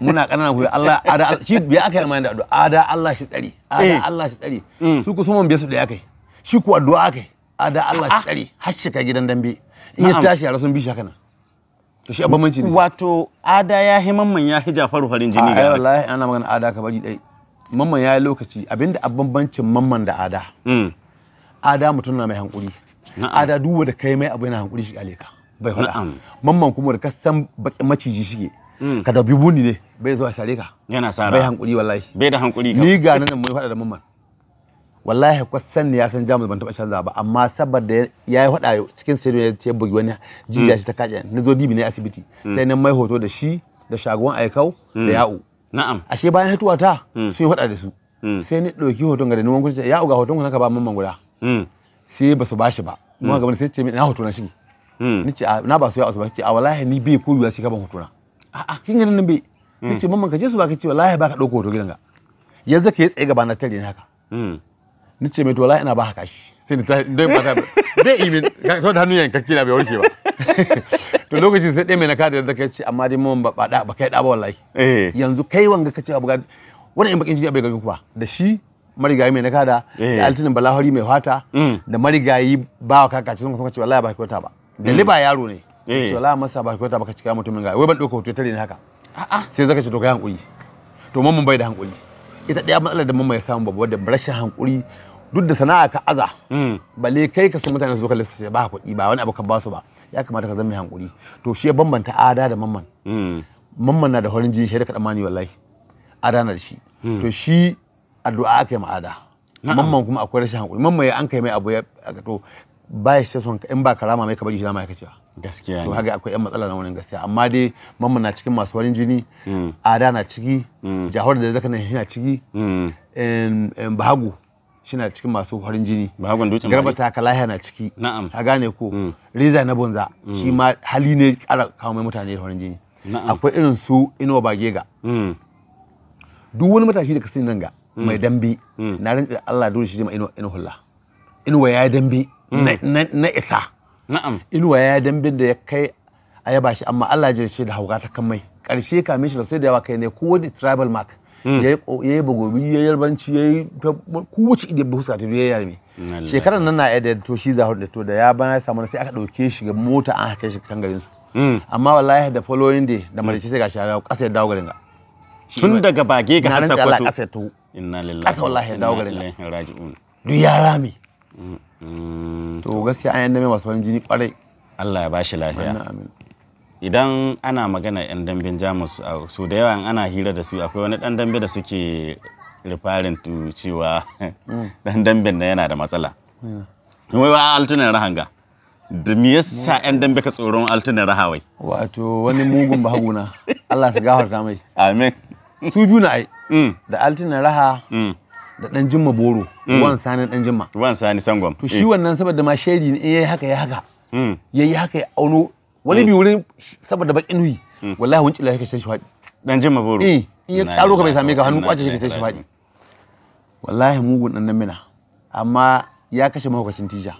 muna kanana ku Allah ada shi biya aka yi amana da addu'a ada Allah shi tsari ada eh. Allah shi tsari mm. su ku suma biya su da kai shi ku addu'a yi ada Allah shi tsari ah. har shi kai gidan dambe in ya tashi yara sun bi shi kana to shi abamanci ne wato ada ya hi mamman ya hi Jafaru farin jini ah, ga wallahi ana magana ada ka bari dai mamman ya yi lokaci abinda abambancin mamman da ada mm. ada mutum na mai hankuri ada duwa da kai mai abu yana hankuri shi aleka bai hula mamman kuma da kasan baki maciji ke. Mm. ka da bibu ne bai zuwa sare ka yana sara bai hankuri wallahi bai da hankuri ni ga nan mun faɗa da mamman wallahi san ne ya san jamus ban taɓa canza ba amma saboda ya yi faɗa cikin sai ya ce bugi wani jijiya mm. shi ta kaje na zo dibi ne asibiti mm. sai nan mai hoto da shi da shagon aikau da ya'u na'am ashe bayan hituwa ta sun yi faɗa da su sai ni ɗauki hoton ga da neman kuɗi ya'u ga hoton ka ba mamman guda sai ba su bashi ba kuma gaban sai ce min na hoto na shi ni ce na ba su ya'u su ba ce a wallahi ni bai koyuwa sai ka ban hoto na a'a kin ganin nan bai nace hmm. mamman ka je su baka ce wallahi baka dauko hoto gidanka yanzu ka yi tsaye gaba na tare naka hmm. nace mai to wallahi ina ba kashi sai ni dai ba ta bai yi min to da hannu yanka kina bai warke ba to lokacin sai dai mai na kada yanzu ka ce amma dai mamman ba da ba kai da ba wallahi eh. yanzu kai wanga ka ce abu ga wannan in bakin jini bai ga ku ba da shi marigayi mai na kada da eh. altinin balahari mai fata hmm. da marigayi ba kakacin sun kace wallahi ba kyauta ba da liba yaro ne Eh. ce wala masa ba ta baka cika mutumin ga wai ban doka hoto tare ne haka sai zaka ce to kai hankuri to mamman bai da hankuri ita daya matsalar da mamman ya samu babu wanda rashin hankuri duk da sana'a ka aza hmm. balle kai ka san mutane su ka lissa ba kuɗi ba wani abu ka ba su ba ya kamata ka zama hankuri to shi ya bambanta ada da mamman hmm. mamman na da horin jini shi da kaɗan mani wallahi ada na da shi hmm. to shi addu'a aka yi ma ada mamman kuma akwai rashin hankuri mamman ya an kai mai abu ya to ba shi son in ba karama mai ka bari shi dama ya kace gaskiya to haka akwai yan matsala na wannan gaskiya amma dai mamma na cikin masu warin jini ada na ciki jahor da zaka na yana ciki in bahagu shina cikin masu farin jini garba ta kalahiya na ciki ka gane ko hmm. riza na bonza hmm. shi ma hali ne kara kawo mai mutane farin jini akwai irin su inuwa ga hmm. duk wani matashi da ka sani nan ga mai dambe na rinka Allah dole shi ma inuwa inuwa inuwa ya dambe mm. na isa inuwa ya dambe da ya kai a yaba shi amma Allah ya shi da hauka ta kan mai karshe kamin shi da sai da yawa kai ne ko wani tribal mark mm. ya yi bugobi ya yi yarbanci ya yi kowace idiyar buhusa ta biya yarmi shekarar nan na yadda to shi zahar da to da ya bana samu sai aka ɗauke shi ga mota an haka shi can garin su mm. amma wallahi da following day da marice sai ga shi ya kasa ya dawo garin ga tun daga bage ga hasa kwato inna lillahi kasa wallahi ya dawo garin ga duk ya rame to gaskiya an dambe masu farin jini kwarai Allah ya ba shi lafiya idan ana magana yan damben jamus su da yawa ana hira da su akwai wani dan dambe da suke rifarin cewa dan damben na yana da matsala wai wa altunan rahanga da me yasa yan dambe ka tsoron altunan rahawai wato wani mugun bahaguna Allah shi gafarta mai amin su biyu na ai mm. da altunan raha mm. da dan jimma boro mm. ruwan sani dan jimma ruwan sani sangwam to shi mm. wannan saboda ma shedi ne yayi eh, haka ya haka mm. yayi haka ya auno wani bi wurin saboda bakin nuyi wallahi wuncin lafiya kace shi fadi dan jimma boro eh in ya karo ka bai same ka hannu kwace shi kace shi fadi wallahi mugun dan mina amma ya kashe mahaukacin tija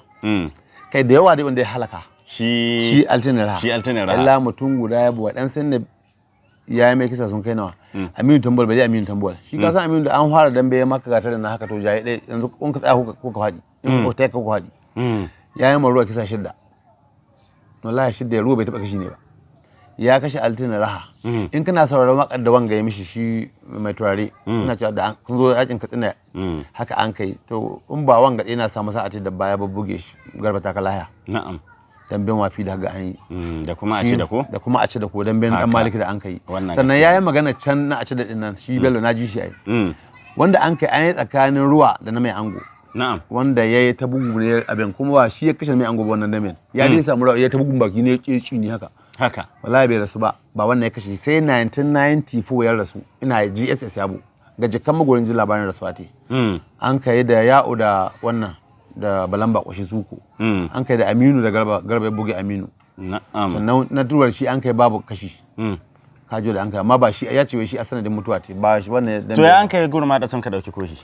kai da yawa dai wanda ya halaka shi shi altinira shi altinara Allah mutum guda ya buwa dan sanne ya yi mai kisa sun kai nawa hmm. aminu tambol bai aminu tambol shi ka hmm. san aminu da an fara dambe ya maka gatar da na haka to jaye dai yanzu kun ka tsaya ko ka faɗi in hmm. ko ta kuka faɗi ya yi maruwa kisa shidda wallahi shidda ya ruwa bai taɓa kashi ne ba ya kashe altina raha in kana sauraron makar da wanga ya mishi shi mai turare ina cewa da kun zo yakin tsina haka an kai to in ba wanga ɗaya na samu sa'a da baya babbuge shi garba ta ka na'am damben wafi da ga an yi mm, da kuma a ci da ko da kuma a ci da ko damben dan maliki da an kai sannan yayi magana can na a ci da dinnan shi bello mm. na ji shi ai mm. wanda an kai an yi tsakanin ruwa da na mai ango na'am wanda yayi ta bugu ne abin kuma ba shi ya kashe mai ango ba wannan dambe ya dai samu ruwa ya ta bugun baki ne ya ci ni haka haka wallahi bai rasu ba ba wannan ya kashe sai 1994 ya rasu ina GSS yabo ga jikan magorin ji labarin rasuwa te an kai da ya'u da wannan da balan kwashi suko mm. an kai da aminu da garba garba ya buge aminu sannan na turar shi an kai babu kashi mm. kajo da an kai amma ba shi ya ce shi a sanadin mutuwa ce ba shi wannan to ya an kai gurma da sun ka dauki koshi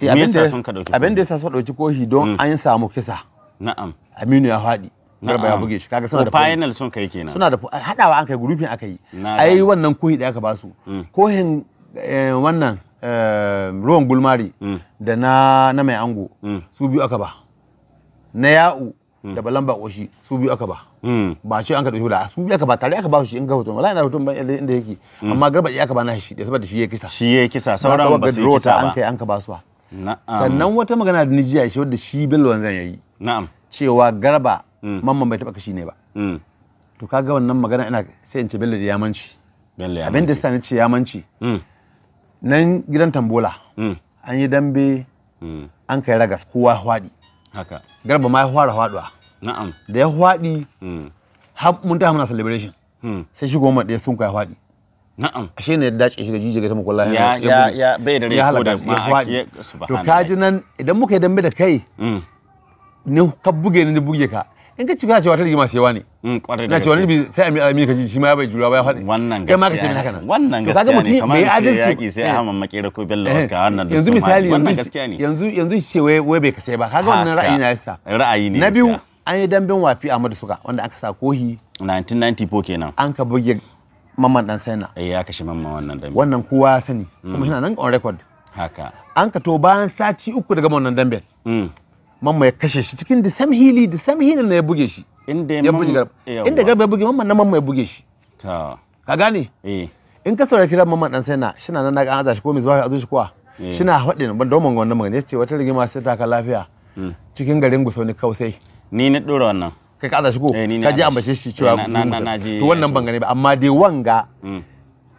eh, abin da sun ka dauki abin da yasa sun dauki koshi don mm. an samu kisa na'am aminu ya faɗi garba ya buge shi kaga suna da final sun kai kenan suna da hadawa an kai grouping aka yi ai wannan kohi da aka ba su kohin eh, wannan Eh, ruwan gulmari mm. da na na mai ango mm. su biyu aka ba na ya'u mm. da balan ba shi su biyu aka ba ba shi an ka dauki da su biyu aka ba tare aka ba shi in ga hoton wallahi na hoton ban inda yake amma garba ya aka ba na shi saboda shi ya kisa shi ya kisa sauran ba su kisa ba an kai an ka ba su sannan wata magana da nijiya shi wanda shi bello wanzan yayi na'am cewa garba mamman bai taba kashi ne ba to kaga wannan magana ina sai in ce bello da yamanci abin da sa ni ce yamanci nan gidan tambola mm. an yi dambe mm. an kai ragas kowa hwaɗi haka garba ma ya hwara hwaɗuwa na'am da ya hwaɗi mm. har mun ta hamuna celebration sai shi goma ɗaya sun kai hwaɗi na'am ashe ne ya dace shi ga jijjiga ta makwallo ya ya ya bai da rai ko da ma to kaji nan idan muka yi dambe da kai ne ka buge ni buge ka in ka ci cewa ta rigima sai mm, wani na cewa sai a mi ka shi ma bai jura ba ya faɗi wannan gaskiya ma ka ce mutum mai adalci yaki sai a mamma eh. ko bello eh. wannan da yanzu misali yanzu yanzu yanzu ce wai wai bai kasai ba kaga wannan ra'ayi na yasa ra'ayi ne na biyu an yi damben wafi a Suka wanda aka sa kohi 1994 kenan an ka buge mamman dan saina eh ya kashe mamman wannan dambe wannan kowa sani kuma mm. yana nan on record haka an ka to bayan sati uku daga wannan damben mm. mamma ya kashe shi cikin the same hili the same hili ne ya buge shi ya buge garba inda garba ya buge mamma na mamma ya buge shi ka gane eh. in ka saurari kiran mamma dan sai na shi na nan na an azashi ko mai zuwa azu shi kuwa eh. shi na faɗi ban domin wannan magana yace ce wata rigima sai ta ka lafiya mm. cikin garin gusau ne kausai ni na dora wannan kai ka azashi ko eh, ka ji ambace shi cewa to wannan ban gane ba amma dai wanga mm.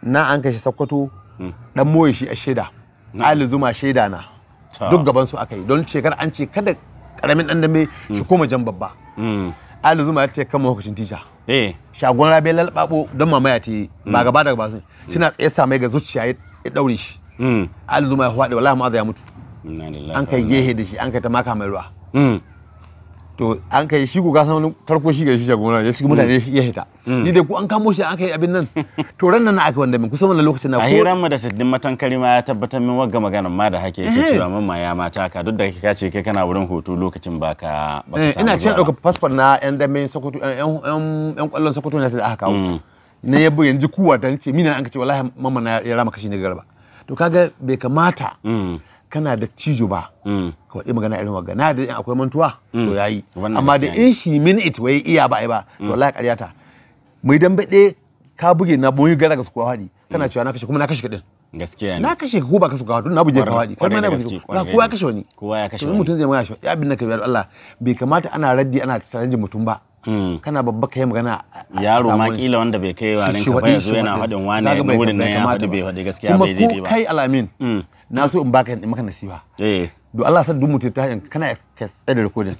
na an kashe sakkwato dan mm. moye shi a shaida ali zuma shaida na duk gaban su aka yi don shekar an ce kada karamin dan dambe shi mm. koma jan babba mm. ali zuma ta kama hukuncin tisha eh. shagon rabe lalbabo don mamaya ta yi ba mm. gaba gaba sun suna tsaye samai ga zuciya ya daure shi ali zuma ya faɗi wallahi ma'aza ya mutu an kai gehe da shi an kai ta maka mai ruwa to an kai shi ko ka san farko shi ga shi jagora ya shi mutane ya hita ni da ku an kamo shi an kai abin nan to ran nan aka wanda min kusan wannan lokacin na ko ran mu da siddin matan karima ya tabbatar min wagga magana ma da hake yake cewa mamma ya mata ka duk da kake ce kai kana wurin hoto lokacin baka baka ina cewa dauka passport na yan da min sokoto yan yan kwallon sokoto ne da aka kawo ne ya bu yanzu kuwa dan ce mina an ka ce wallahi mamma na ya rama kashi ne garba to kaga bai kamata kana da cijo ba mm. ka waɗi magana irin waga na da akwai mantuwa to mm. yayi amma da in shi min it wai iya ba ai ba to mm. la ƙarya ta mai dan baɗe ka buge na boye gara ga suka hadi kana cewa na kashe kuma na kashe kaɗin gaskiya ne na kashe ko ba ka suka hadi na buje ka hadi kuma na buje na kowa ya kashe wani kowa ya kashe wani mutum zai magana ya bin naka biyar Allah bai kamata ana raddi ana tsaranjin mutum ba kana babba kai magana yaro ma kila wanda bai kai warin ka ba yazo yana hadin wani wurin nan ya hadu bai hadi gaskiya bai daidai ba kuma kai alamin na so in baka in maka nasiha eh do Allah san duk mutum ta kana ka da recording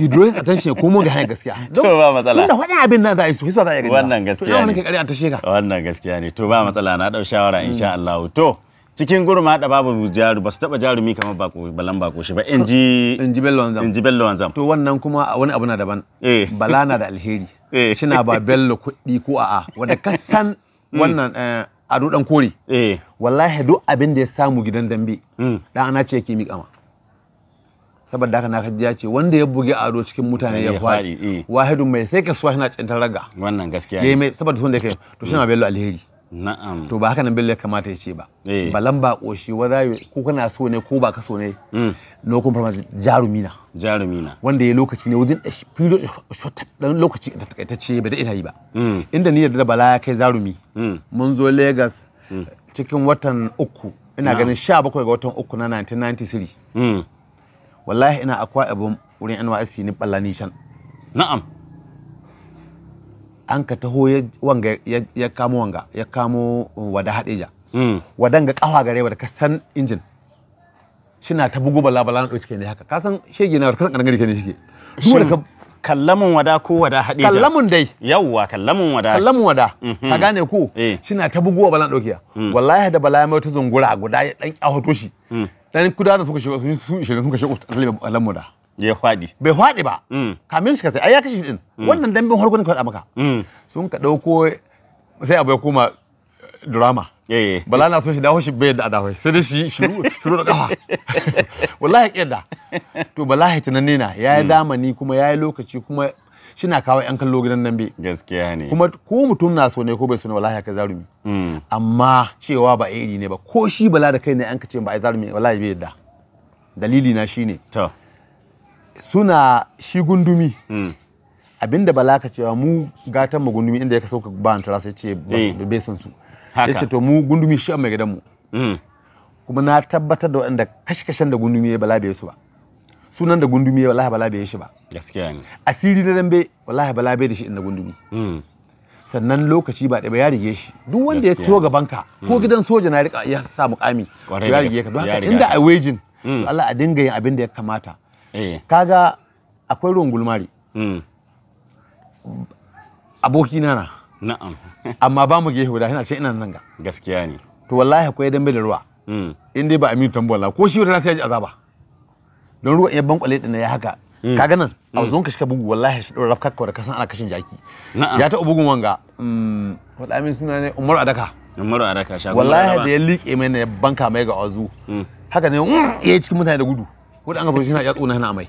you draw his attention ko mun ga hanyar gaskiya to ba matsala tunda wani abin nan za a yi su za a yi wannan gaskiya ne to ta shega wannan gaskiya ne to ba matsala na dau shawara insha hmm. Allah to cikin gurma da babu jaru ba su taba jarumi kamar bako balan bako shi ba in ji in ji bello wanzam in ji bello wanzam to wannan kuma wani abu na daban eh balana da alheri eh. na ba bello kuɗi ko a'a wanda kasan hmm. wannan eh, ado dan kore eh wallahi duk abin da ya samu gidan dambe hmm. dan ana ce yake miƙa ma saboda haka na kajiya ce wanda ya buge ado cikin mutane ya fadi eh. wahidu mai sai ka suwa na cintar raga wannan gaskiya ne saboda sun da kai to shi na bello alheri na'am to ba haka nan bello ya kamata ya ce ba eh. balan ba koshi wanda ko kana so ne ko ba ka so ne mm. jarumi na. jarumina jarumina wanda ya lokaci ne wajen a dan lokaci da ce bai da ita yi ba mm. inda ni da bala ya kai jarumi. Mm. mun zo Lagos cikin watan uku ina ganin 17 ga watan uku na 1993 wallahi ina akwa abun wurin NYSC ni ballani shan na'am an ka taho wanga ya kamo wanga ya kamo uh, wada hadeja mm. wadan ga kafa gare wa da kasan injin shina ta bugu bala bala na dauke ne haka kasan shege na kasan karangare ne shige duk kallamin wada ko wada hadeja kallamin dai yawwa kallamin wada kallamin wada mm-hmm. ka gane ko eh. shina ta bugu bala na dauki mm. wallahi da bala mai ta zungura guda ya dan kyahoto shi dan mm. kudanan suka shi sun shi sun kashe asali balamu da ya faɗi bai faɗi ba mm. kamin shi sai ai ya kashe din mm. wannan dambin harkokin ka faɗa maka mm. sun ka dauko sai abu ya koma eh, drama eh, eh. bala na so shi dawo shi bai yadda a dawo sai dai shi shiru da kafa wallahi kida to bala tunan ne na ya yi zamani kuma ya yi lokaci kuma shina kawo yan kallo gidan nan bai gaskiya ne kuma ko mutum na so ne ko bai so ne wallahi ka zarumi amma cewa ba iri ne ba ko shi bala da kai ne an ka ce ba ai zarumi wallahi bai yadda dalili na shine to suna shi gundumi hmm. abinda bala ka cewa mu gatan mu gundumi inda ya kaso ka ba antara sai ce eh. bai san su ya ce to mu gundumi shi a mai gidan mu hmm. kuma na tabbatar da waɗanda kashkashen da gundumi ya bala bai su ba sunan da gundumi ya wallahi bala bai shi ba gaskiya ne asiri na dambe wallahi bala bai da shi inda gundumi hmm. sannan lokaci ba ɗaya ba ya rige shi duk wanda ya to gaban ka ko gidan soja na rika ya sa mukami ya rige ka don haka inda a wejin Allah a dinga yin abin da ya kamata Eh. kaga akwai ruwan gulmari mm. aboki na na na'am amma ba mu gehe guda ina ce ina nan ga gaskiya ne to wallahi akwai dambe da ruwa mm. in dai ba aminu tambo wallahi ko shi wata sai ya ji azaba don ruwan ya bankwale din ya haka mm. kaga nan a zon ka shika bugu wallahi shi dora rafkar da kasan ana kashin jaki ya taɓa bugun wanga wala amin suna ne umaru adaka umaru adaka shago wallahi da ya liƙe mai ne banka mai ga azu haka ne ya cikin mutane da gudu wanda an ga na ya tsona yana mai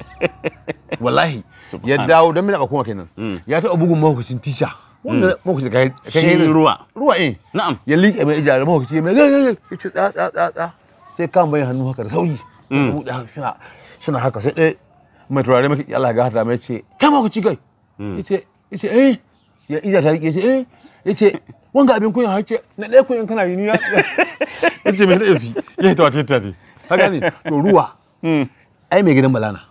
wallahi ya dawo don mina ba kuma kenan mm. ya taɓa bugun mahaukacin tisha wanda mm. mahaukacin kai kai ruwa ruwa eh na'am ya liƙe mai ijara mahaukaci mai ga ya ce tsa tsa tsa tsa sai kan bayan hannu haka da sauri mm. suna haka sai dai mai turare maka Allah ga hata mai ce kai mahaukaci kai yace yace eh ya ija ta rike ce eh yace wanga abin kunya hace na ɗaya kunya kana yi ni ya yace mai da yafi ya ta tata ta ne haka ne to ruwa ai mai gidan balana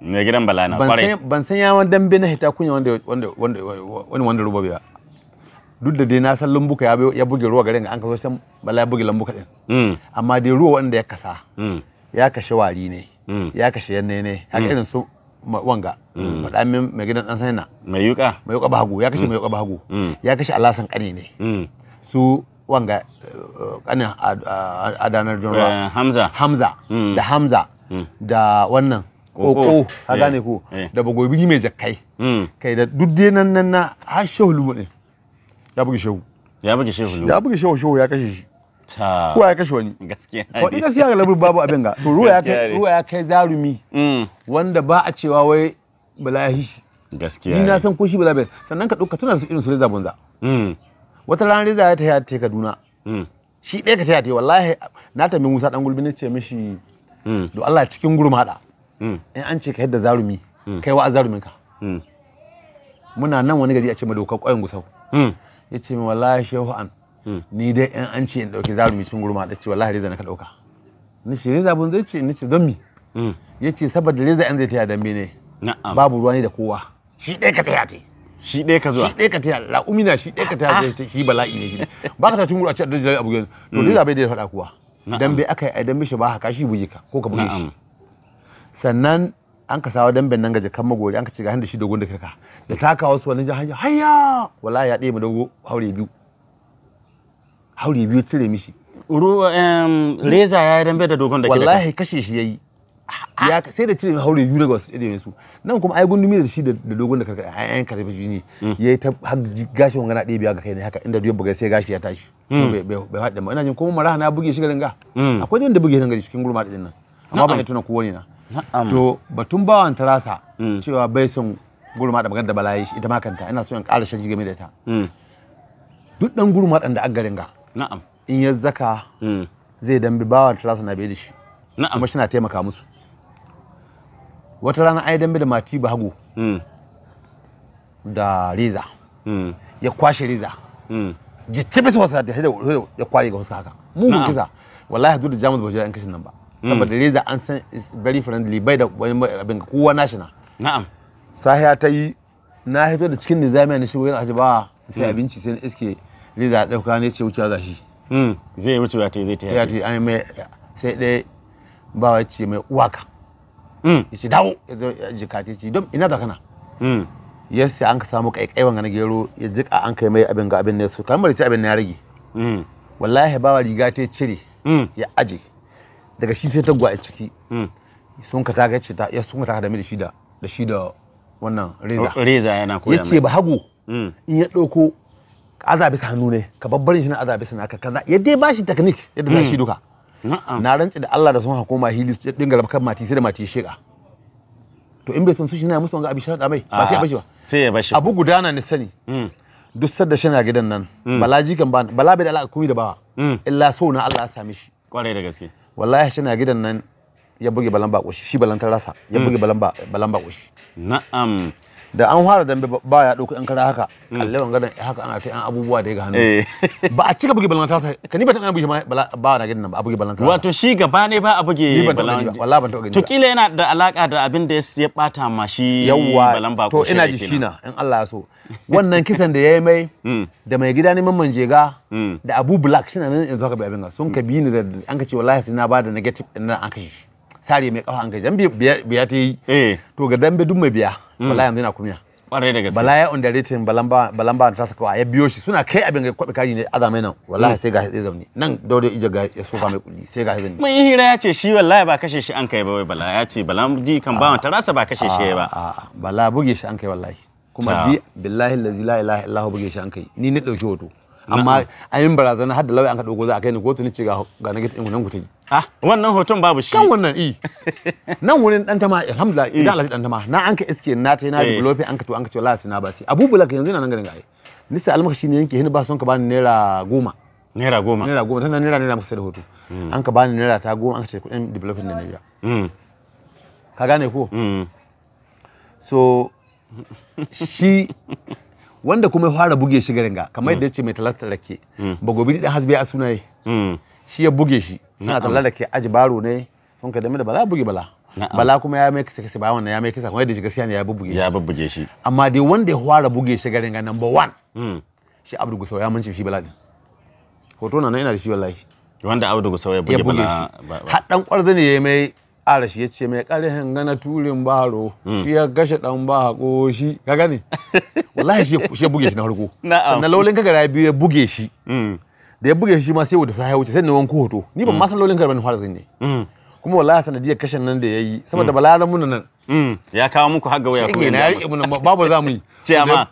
mai gidan balana kwarai ban san yawon dambe na hita kunya wanda wanda wanda wani wanda rubobe ba duk da dai na san lumbuka ya ya buge ruwa garin an kaso san bala ya buge lumbuka din mm. amma dai ruwa wanda ya kasa mm. ya kashe wari ne mm. ya kashe yanne ne haka irin su wanga madamin mai gidan dan saina mai yuka mai yuka bahagu ya kashe mai yuka bahagu ya kashe alasan kane ne su wanga kanin eh, adanar jonwa eh, hamza hamza da hamza da wannan koko ha eh. gane ko eh. da bagobiri mai jakkai hmm. kai da dudde nan nan na har shehu lumu ya bugi shehu ya bugi shehu lumu ya bugi shehu shehu ya kashe shi ko ya kashe wani gaskiya ko ina siya labu babu abin ga to ruwa ya kai ruwa ya kai zarumi hmm. wanda ba a cewa wai balahi gaskiya ni na san ko shi balahi sannan ka dauka tana su irin su reza bunza hmm. wata ranar reza ya ta ya ta Kaduna shi ɗaya ka ta ya ta wallahi na tambayi Musa dan gulbi ne ce mishi do Allah cikin haɗa. Hmm. in an ce ka yadda zarumi hmm. kai wa zarumin ka hmm. muna nan wani gari a ce ma dokar ƙwayan gusau ya ce wallahi shehu an ni dai in an ce in ɗauki zarumi cikin gurmada ce wallahi reza na ka ɗauka ni ce reza bun zai ce ni ce don mi ya ce saboda reza yan zai taya dambe ne babu ruwa ne da kowa shi ɗaya ka taya te shi ɗaya ka zuwa shi ɗaya ka taya la'umina shi ɗaya ka taya shi bala'i ne shi ba ka ta tun gurmada a ce a abu yanzu to reza bai da faɗa kuwa bai aka yi a dambe shi ba haka shi buge ka ko ka buge shi sannan an ka sawa dambe nan gaje kan magori an ka ce ga handa shi dogon gunda kirka da taka wasu wani jihar hayya wallahi ya ɗaya mu dogo haure biyu haure biyu tire mishi reza ya yi dambe da dogon da kirka wallahi kashe shi yayi ya sai da cire haure biyu daga wasu irin su nan kuma ai gundumi da shi da dogon da karka ayan karfe shi ne mm. yayi ta gashin wangana ɗaya biya ga kai ne haka inda duk buga sai gashi ya tashi mm. bai haɗe ma ina jin kuma maraha na buge shi garin ga mm. akwai wanda buge shi garin cikin gurma ɗin nan amma ban tuna ko wani na to batun bawan tarasa cewa bai son gurma da magana da shi ita ma kanta ina so in ƙara shi game da ita duk dan gurma dan da aggarin ga na'am in ya zaka zai dambi bawan tarasa na bai da shi na'am kuma shi na taimaka musu wata rana ai dambe da mati bahago hmm. da reza hmm. ya kwashe reza gicce hmm. bisa wasa da ya kware ga wasu haka mugun kisa wallahi hadu da jamus ba yan kashin nan ba saboda reza an san very friendly bai da wani abin kowa nashi na na'am sahiya ta yi na hito da cikin nizamiya na shigo yana ba sai abinci sai iske reza dauka ne ce wucewa gashi zai wucewa ta zai ta yi sai dai ba wace mai uwaka Mm. ya ce dawo ya zo ya jika ta ce don ina da kana mm. ya sai an ka samu kaikai wanga na gero ya jika an kai mai abin ga abin ne su kamar ce abin ya rage mm. wallahi bawa riga ta cire ya aje daga shi sai ta gwa ciki sun ka ta ga ce ya sun ka ta da shi da da shi da wannan reza reza yana koya yace ba hagu in ya dauko azabi sa hannu ne ka babbar shi na azabi sa naka kaza ya dai bashi technique yadda za shi duka na rantsi da Allah da sun hukuma hili su dinga rabkan mati sai da mati shiga to in bai san su shi na musu wanga abi sharada mai ba sai ya bashi ba sai ya bashi abu gudana ne sani mm. duk sadda shi na gidan nan mm. balaji kan ba bala bai da alaka kuma da bawa mm. illa so na Allah ya same shi kwarai da gaske wallahi shi na gidan nan ya buge balan ba shi balan ta rasa ya buge balan ba balan ba na'am da an fara dambe ba ya ɗauki ɗan kara haka kalle mm. d'an haka ana ta yan abubuwa da ya ga hannu eh. ba a cika buge balanta ka ni ba ta kana buge ba na gidan nan ba a buge balanta wato shi gaba ne ba a buge balanta wallahi ban taɓa gani to kila yana da alaka da abin da ya bata ma shi yawa to ina ji shi na in Allah ya so wannan kisan da ya yi mai mm. da mai gida neman manjega mm. da abu black shi na nan yanzu haka bai abin sun ka bi ni da an ka ce wallahi sai na ba da negative ɗin nan an kashe shi sare mai kafa an kashe dan biya ta yi eh. to ga dambe duk mai biya Mm. wallahi yanzu yana kunya kwarai da gaske bala ya underrating balamba balamba ta saka ya biyo shi suna kai abin ga kwabe kari ne aga mai nan wallahi mm. sai ga sai zamni nan dole ija ga ya sofa mai kulli sai ga sai mun yi hira ya ce shi wallahi ba kashe shi an kai ba wai bala ya ce bala ji kan ba ah. ta rasa ba kashe shi ba ah, ah, bala buge shi an kai wallahi kuma bi billahi la ilaha illa allah buge shi an kai ni ne dauki hoto amma an yi barazana har da an ka dogo za a kai ni kotu ni ce ga na gidan nan ku ta ah wannan hoton babu shi kan wannan i eh. nan wurin dan tama alhamdulillah eh. idan Allah dan tama na an ka iske na ta na develop eh. an ka to an ka Allah wallahi na ba sai Abu yanzu na nan garin ni sai almaka ne yanke hin ba son ka bani naira goma naira goma naira goma tana naira naira muka sai da hoto hmm. an ka bani naira ta goma an ka ce kudin development na naira hmm. ka gane ko hmm. so shi wanda kuma ya fara buge shi garin ga kamar yadda mm. ce mai da ke mm. ba gobe da hasbe a sunaye mm. shi ya buge shi na da ke aji baro ne sun ka da bala buge bala bala kuma ya mai kisa kisa ba wannan ya mai kisa kuma yadda shi gaskiya ne ya bubbuge ya bubbuge shi amma dai wanda ya fara buge shi garin ga number one shi Abdul Gusau ya mance shi bala din hoto na ina da shi wallahi wanda Abdul Gusau ya buge bala haɗan dan kwarza ne ya mai ƙara shi ya ce mai ƙarhin gana turin baro hmm. shi ya gashe dan ba haƙo shi ka gani wallahi shi ya buge shi na harko sannan laulin kagara biyu ya buge shi hmm. da ya buge shi ma sai da sai wuce sai na wanko hoto ni ban ma hmm. san laulin kagara ban fara gani kuma wallahi sanadiyar kashin nan da ya yi saboda bala zan muna nan ya kawo muku har ga waya ko ina yi babu za mu yi ciyama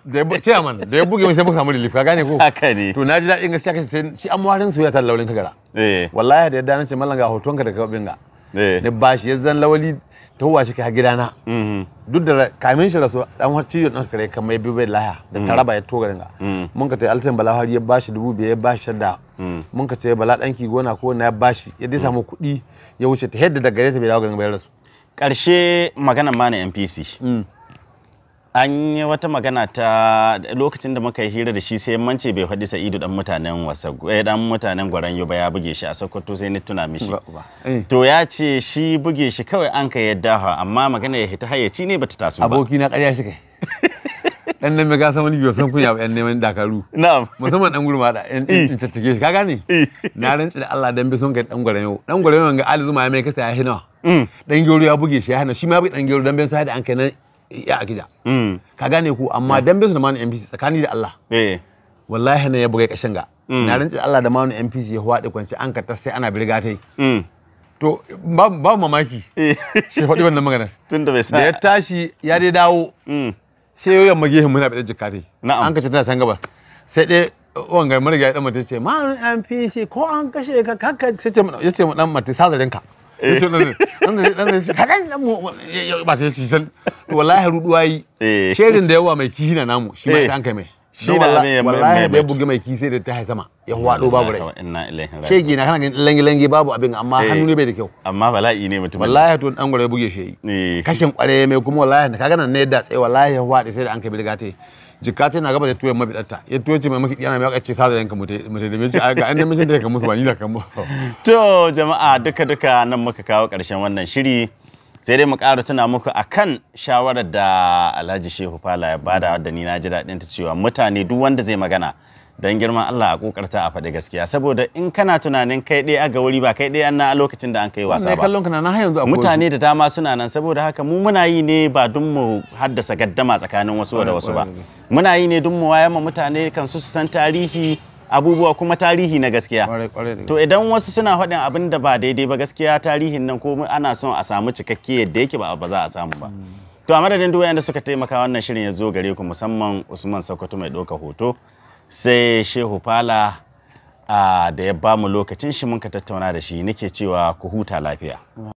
man da ya buge mu sai muka samu lilifi ka gane ko haka ne to naji daɗin gaskiya kashin sai shi an warin soyayya ta laulin kagara eh. wallahi da ya dace mallan ga ka da ka binga Eh. na bashi ya zan lawali ta huwa shi ka gidana mm-hmm. duk da kamin shi rasu dan har ciwon dan kare kamar mai bibai laya da taraba mm. ya toga dinga mm. mun ka tai altan bala har ya bashi dubu biyar ya bashi shadda mm. mun ka tai bala danki gona ko na ya bashi ya dai samu kuɗi ya wuce ta yadda daga gare ta bai dawo garin bai rasu karshe magana ma na NPC an yi wata magana ta lokacin da muka yi hira da shi sai mance bai faɗi sa'idu dan mutanen wasa dan eh, mutanen gwaran yuba ya buge shi a sokoto sai ni tuna mishi eh. to ya ce shi buge shi kawai an ka yadda ha amma magana ya hita hayyaci ne bata taso ba aboki na ƙarya shi kai dan nan mai gasa wani biyo san kunya ba yan neman dakaru na'am musamman dan gurma da yan eh. tattake shi kaga ne na rantsi da Allah dan bi son kai dan gwaran yau dan gwaran yau ga Ali Zuma ya mai kasa ya hina dan mm. gero ya buge shi ya hana shi ma bai dan gero dan bai sai da an kai ya akija mm. ka gane ku amma dan bisu da manu MPC tsakani da Allah eh. wallahi ne ya buga kashin ga mm. na rantsi Allah da manu MPC ya huwa da kwanci an ka sai ana birga tai mm. to ba mamaki eh. shi faɗi wannan maganar tun da bai sa da ya tashi ya dai dawo sai yau yamma gehen muna bada jikka tai an ka tana san gaba sai dai wanga marigayi dan mata ce manu MPC ko an kashe ka kakka sai ce mu dan mata sazarin ka yace nan nan nan kadan nan mu ba sai shi san wallahi ruduwa sherin da yawa mai kihi na namu shi ma an kai mai shi na ne wallahi bai bugi mai kihi sai da ta haisama ya wado babu rai inna ilaihi raji'un shege na kana langi langi babu abin amma hannu ne bai da kyau amma bala'i ne mutum wallahi to dan gure buge shi kashin kware mai kuma wallahi kaga nan ne da tsaye wallahi ya wadi sai da an kai bilgate jikati na gaba da tuwon mabidarta ya tuwon ce mai maki yana mai ce sada yanka mutai da mace ga an namijin da ka musu ba da ka musu to jama'a duka duka nan muka kawo karshen wannan shiri sai dai mu ƙara tuna muku akan shawarar da Alhaji Shehu Fala ya bada da ni na ji daɗin ta cewa mutane duk wanda zai magana don girman Allah a kokarta a faɗi gaskiya saboda in kana tunanin kai ɗaya a ga wuri ba kai ɗaya na a lokacin da an kai wasa ba mutane da dama suna nan saboda haka mu muna yi ne ba dun mu haddasa gaddama tsakanin wasu da wasu ba muna yi ne dun mu wayar ma mutane kan su san tarihi abubuwa kuma tarihi na gaskiya to idan wasu suna faɗin abin da ba daidai ba gaskiya tarihin nan ko ana son a samu cikakke yadda yake ba za a samu ba hmm. to a madadin duk wayanda suka taimaka wannan shirin ya zo gare ku musamman Usman Sokoto mai ɗauka hoto sai shehu fala ah, da ya bamu lokacin shi mun tattauna da shi nake cewa ku huta lafiya